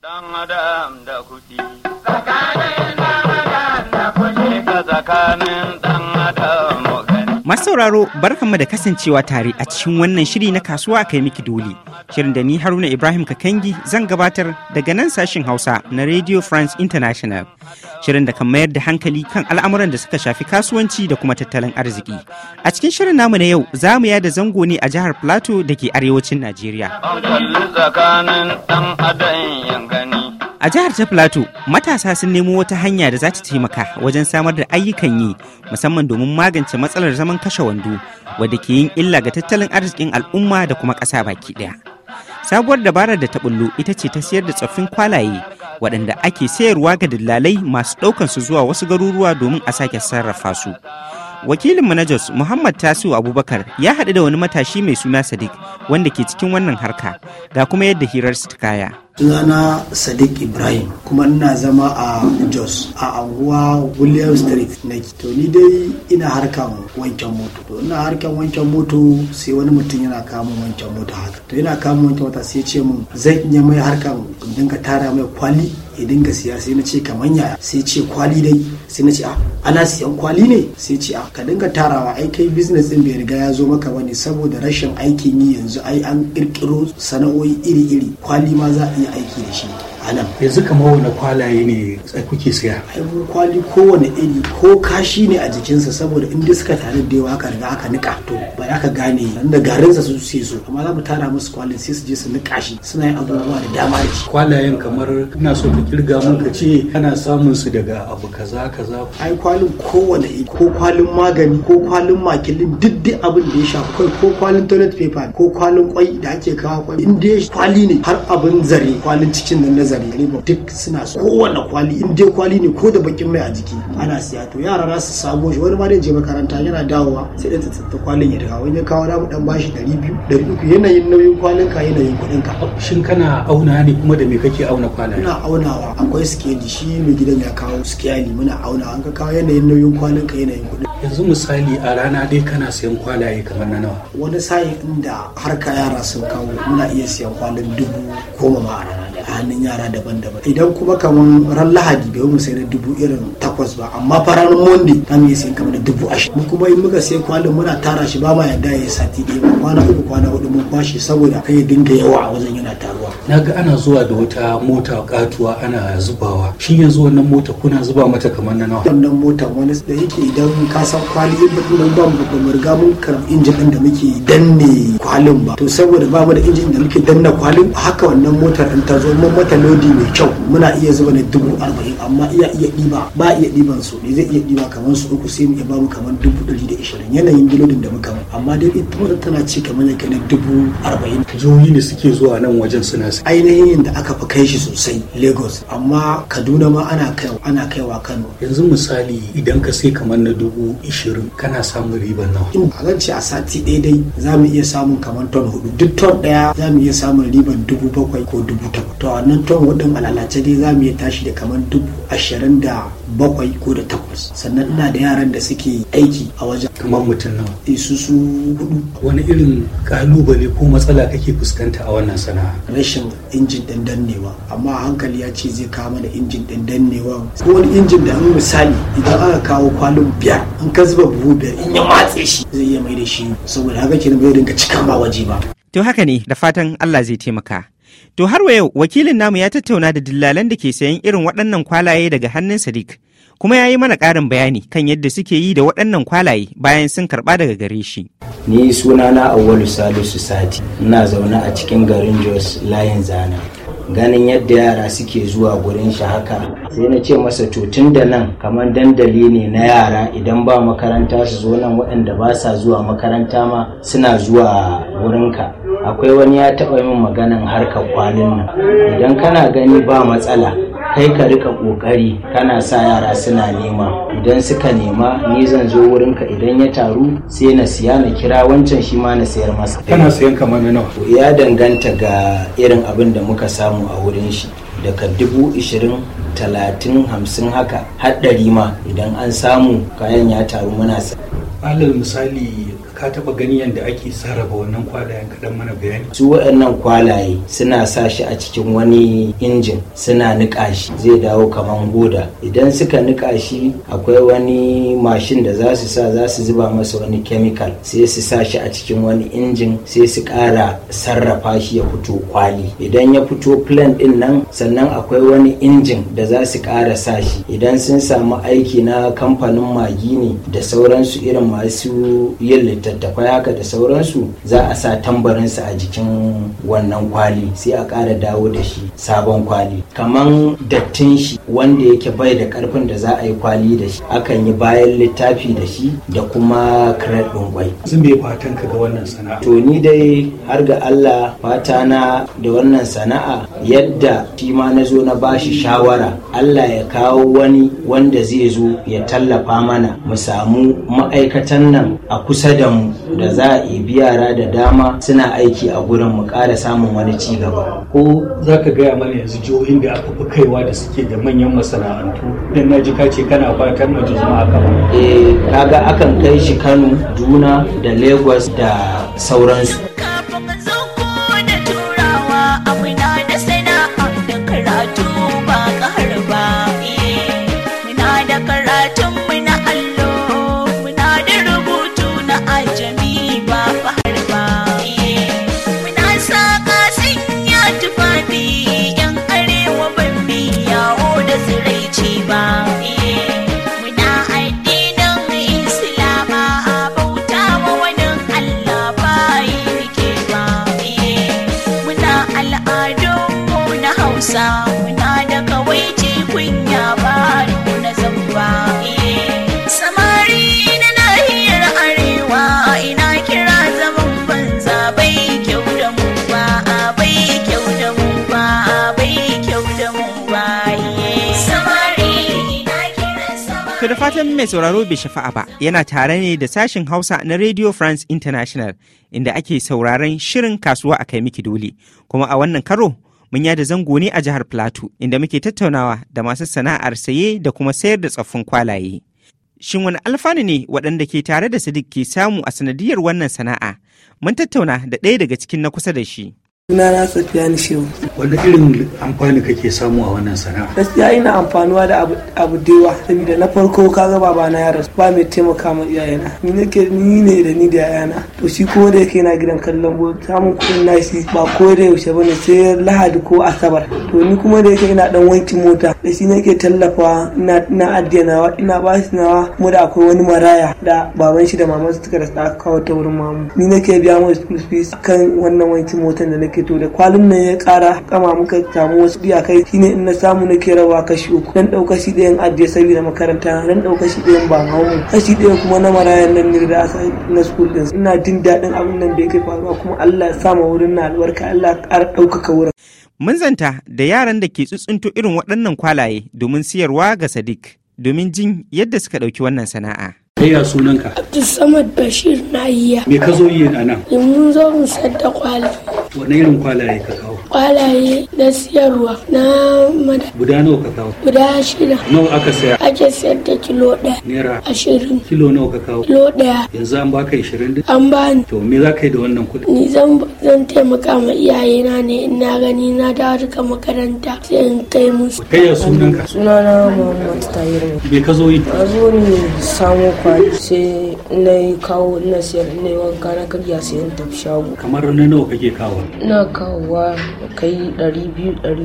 Dang ada tak kuti. Masu sauraro barkanmu da kasancewa tare a cikin wannan shiri na kasuwa kai miki dole. Shirin da ni Haruna Ibrahim Kakangi zan gabatar daga nan sashen Hausa na Radio France International. Shirin da kan mayar da hankali kan al'amuran da suka shafi kasuwanci da kuma tattalin arziki. A cikin shirin namu na yau za mu yada zango ne a jihar Plateau da ke arewacin Najeriya. A jihar ta Plateau, matasa sun nemo wata hanya da za ta taimaka wajen samar da ayyukan yi musamman domin magance matsalar zaman kashe wando wadda ke yin illa ga tattalin arzikin al'umma da kuma ƙasa baki ɗaya. Sabuwar dabarar da ta bullo ita ce ta sayar da tsoffin kwalaye waɗanda ake sayarwa ga dillalai masu ɗaukan su zuwa wasu garuruwa domin a sake sarrafa su. Wakilin Manajos Muhammad Tasiu Abubakar ya haɗu da wani matashi mai suna Sadiq wanda ke cikin wannan harka ga kuma yadda hirar su ta kaya. sunana sadiq ibrahim kuma ina zama a jos a anguwa william street na to ni dai ina harkan wancan moto to ina harkan wancan moto sai wani mutum yana kama wancan moto haka to yana kamun wancan moto sai ce mun zan iya mai harkan dinka tara mai kwali ya dinga siya sai na ce kaman yaya sai ce kwali dai sai na ce a ah, ana siyan kwali ne sai ce a ah, ka dinga tarawa ai kai business din bai riga ya zo maka bane saboda rashin aikin yi yanzu ai an kirkiro sana'o'i iri-iri kwali ma za a iya aiki da shi anan yanzu kamar wani kwalaye ne kuke siya ai kwali kowane iri ko kashi ne a jikinsa saboda in dai suka tare da yawa riga aka nika to ba za ka gane da garinsa su sai su amma za mu tara musu kwalin sai su je su nika shi suna yin abubuwa da dama da shi kwalayen kamar ina so ka kirga mun ka ce kana samun su daga abu kaza kaza ai kwalin kowane iri ko kwalin magani ko kwalin makilin duk dai abin da ya shafi kai ko kwalin toilet paper ko kwalin kwai da ake kawo kwai in dai kwali ne har abin zare kwalin cikin nan na zare ba duk suna so kowanne kwali in dai kwali ne ko da bakin mai a jiki ana siya to yara za su samo shi wani ma dai je makaranta yana dawowa sai dan tsatta kwalin ya dawo wani kawo na dan bashi 200 300 yanayin nauyin kwalin ka yanayin kuɗin ka shin kana auna ne kuma da me kake auna kwalin ina aunawa akwai skeli shi mai gidan ya kawo skeli muna auna an ka kawo yanayin nauyin kwalin ka yanayin kuɗin yanzu misali a rana dai kana sayan kwalaye kamar na nawa wani sa'in inda har ka yara sun kawo muna iya siyan kwalin dubu goma ma a a hannun yara daban-daban idan kuma kamar ran lahadi bai mu sai na dubu irin takwas ba amma farar monday za mu iya sayan kamar dubu ashirin mu kuma in muka sai kwalin muna tara shi ba ma yadda ya sati ɗaya kwana uku kwana hudu mun kwashe saboda kai dinga yawa a wajen yana taruwa na ga ana zuwa da wata mota katuwa ana zubawa shi yanzu wannan mota kuna zuba mata kamar na nawa wannan mota wani da yake idan ka san kwali in ba ba mu da murga mun karbi injin din da muke danne kwalin ba to saboda ba mu da injin da muke danna kwalin haka wannan motar in ta zo mun mata lodi mai kyau muna iya zuba ne dubu arba'in amma iya iya diba ba iya ɗiban su ne zai iya diba kamar su uku sai mu iya bamu kamar dubu ɗari da ishirin yanayin gilodin da muka amma dai ita tana ci kamar ya kai dubu arba'in jihohi ne suke zuwa nan wajen suna ainihin da aka fi kai shi sosai Lagos amma Kaduna ma ana kaiwa ana kaiwa Kano yanzu misali idan ka sai kamar na dubu ishirin kana samun riba nawa in a ce a sati ɗaya dai za mu iya samun kamar ton hudu duk ton ɗaya za mu iya samun riban dubu bakwai ko dubu takwas to wannan ton hudun a lalace dai za mu iya tashi da kamar dubu ashirin da bakwai ko da takwas sannan ina da yaran da suke aiki a wajen kamar mutum nawa eh, su su hudu wani irin kalubale ko matsala kake fuskanta a wannan sana'a rashin injin ɗin dannewa amma hankali ya ce zai kawo mana injin ɗin dannewa ko wani injin da an misali idan aka kawo kwalin biyar in ka zuba buhu biyar in ya matse shi zai iya mai da shi saboda haka ke nan bai dinga cika ba waje ba to haka ne da fatan Allah zai taimaka to har wa yau wakilin namu ya tattauna da dillalan da ke sayan irin waɗannan kwalaye daga hannun Sadiq kuma ya yi mana ƙarin bayani kan yadda suke yi da waɗannan kwalaye bayan sun karɓa daga gare shi. Ni sunana Auwalu Salisu Sati, ina zaune a cikin garin Jos layin zana. Ganin yadda yara suke zuwa gurin shi haka, sai na ce masa to tun da nan kamar dandali ne na yara idan ba makaranta su zo nan waɗanda ba sa zuwa makaranta ma suna zuwa wurinka. Akwai wani ya taɓa yin maganan harkar kwalin nan, idan kana gani ba matsala, kai ka rika kokari kana sa yara suna nema idan suka nema ni zan zo wurinka idan ya taru sai na siya na kira wancan shi ma na sayar masa kana sayan kamar nawa ya danganta ga irin abin da muka samu a wurin shi daga dubu ishirin talatin hamsin haka haɗari ma idan an samu kayan ya taru muna alal misali ka taba gani yadda ake sarrafa wannan kwalayen kaɗan mana bayani su waɗannan kwalaye suna sa shi a cikin wani injin suna niƙa shi zai dawo kamar goda idan suka niƙa shi akwai wani mashin da za su sa za su zuba masa wani kemikal sai su sa shi a cikin wani injin sai su ƙara sarrafa shi ya fito kwali idan ya fito plan ɗin nan sannan akwai wani injin da za su ƙara sa shi idan sun samu aiki na kamfanin magi ne da sauransu irin masu yin littattafai haka da sauransu za a sa tambarin tambarinsa a jikin wannan kwali sai a ƙara dawo da shi sabon kwali kaman dattin shi wanda yake bai da karfin da za a yi kwali da shi akan yi bayan littafi da shi da kuma kirar ɗin kwai. Sun bai fatan ka ga wannan sana'a. To ni dai har ga Allah fata na da wannan sana'a yadda shi ma na zo na bashi shawara Allah ya kawo wani wanda zai zo ya tallafa mana mu samu ma'aikatan nan a kusa da mu da za a ibi yara da dama suna aiki a gurin mu ƙara samun wani ci gaba ko za ka gaya mana yanzu jihohin da aka fi kaiwa da suke da manyan masana'antu Idan na ji kace kana fatar na zama a kama eh kaga akan kai shi Kano Duna da Lagos da sauransu kafin fatan mai sauraro bai shafa'a ba yana tare ne da sashin Hausa na Radio France International inda ake sauraron shirin kasuwa a kai miki dole. Kuma a wannan karo mun yada zango ne a jihar Plateau inda muke tattaunawa da masu sana'ar saye da kuma sayar da tsoffin kwalaye. Shin wani alfanu ne waɗanda ke tare da Sadiq ke samu a sanadiyar wannan sana'a? Mun tattauna da ɗaya daga cikin na kusa da shi. na safiya ni Shehu. Wanda irin amfani kake samu a wannan sana'a? Gaskiya ina amfanuwa da abu da yawa saboda na farko kaga babana ya rasu ba mai taimaka ma iyayena. Ni nake ni ne da ni da yayana. To shi ko da yake na gidan kallon bo samun kuɗin nashi ba ko da yaushe ba ne. sai Lahadi ko Asabar. To ni kuma da yake ina dan wanki mota da shi nake tallafa ina ina addinawa ina ba shi nawa kuma da akwai wani maraya da baban shi da maman su suka rasa aka kawo ta wurin mamu. Ni nake biya mu school fees kan wannan wankin motan da nake ake to da kwalin nan ya kara kama muka samu wasu iyakai shine in na samu na ke rawa kashi uku dan dauka shi ɗayan ajiye saboda makaranta dan dauka shi ɗayan ba hawo kashi ɗayan kuma na marayan nan ne da na school din ina jin daɗin abin nan da ya yake faruwa kuma Allah ya sa wurin na albarka Allah ya ƙara ɗaukaka wurin mun zanta da yaran da ke tsuntsunto irin waɗannan kwalaye domin siyarwa ga Sadiq domin jin yadda suka ɗauki wannan sana'a. Kaiya sunanka? samad Bashir na iya. Me ka zo yi a nan? Mun zo mu sadda kwali. wani irin kwalaye ka kawo kwalaye da siyarwa na mada guda nawa ka kawo guda shida nawa aka saya ake sayar da kilo ɗaya naira ashirin kilo nawa ka kawo kilo ɗaya yanzu an baka ishirin din an bani to me za ka yi da wannan kuɗi ni zan zan taimaka ma iyaye na ne in na gani na da daga makaranta sai in kai musu kai ya sunanka sunana muhammad tayiru me ka zo yi ka zo ne samo kwali sai na yi kawo na siyar na yi wanka na karya sayan tafi shago kamar na nawa kake kawo na kawowa kai 200 300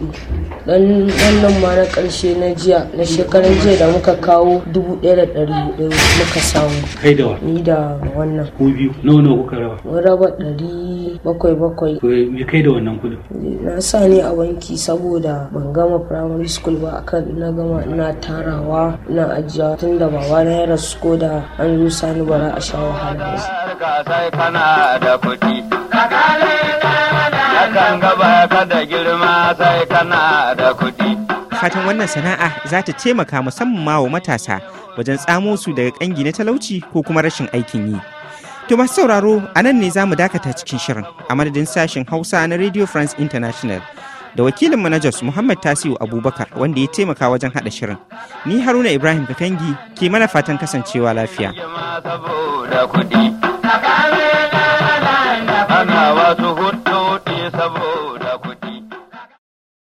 400 dan wannan ma na karshe na jiya na shekaran jiya da muka kawo dubu ɗaya da muka samu kai da wa ni da wannan ko biyu nawa nawa kuka raba mun raba ɗari bakwai bakwai eh, me kai da wannan kudin na sa ne a banki saboda ban gama primary school ba akan na gama ina tarawa ina ajiya tun da baba na ya rasu ko da an zo sani bara a sha wahala ba. Ka kana da kuɗi. Ka idan gaba girma sai kana da kuɗi. Fatan wannan sana'a za ta taimaka musamman ma wa matasa wajen tsamo su daga ƙangi na talauci ko kuma rashin aikin yi. To masu sauraro a nan ne za mu dakata cikin shirin a madadin sashen Hausa na Radio France International da wakilin manajas Muhammad Tasiu Abubakar wanda ya taimaka wajen haɗa shirin. Ni Haruna Ibrahim Kangi ke mana fatan kasancewa lafiya. Ana wasu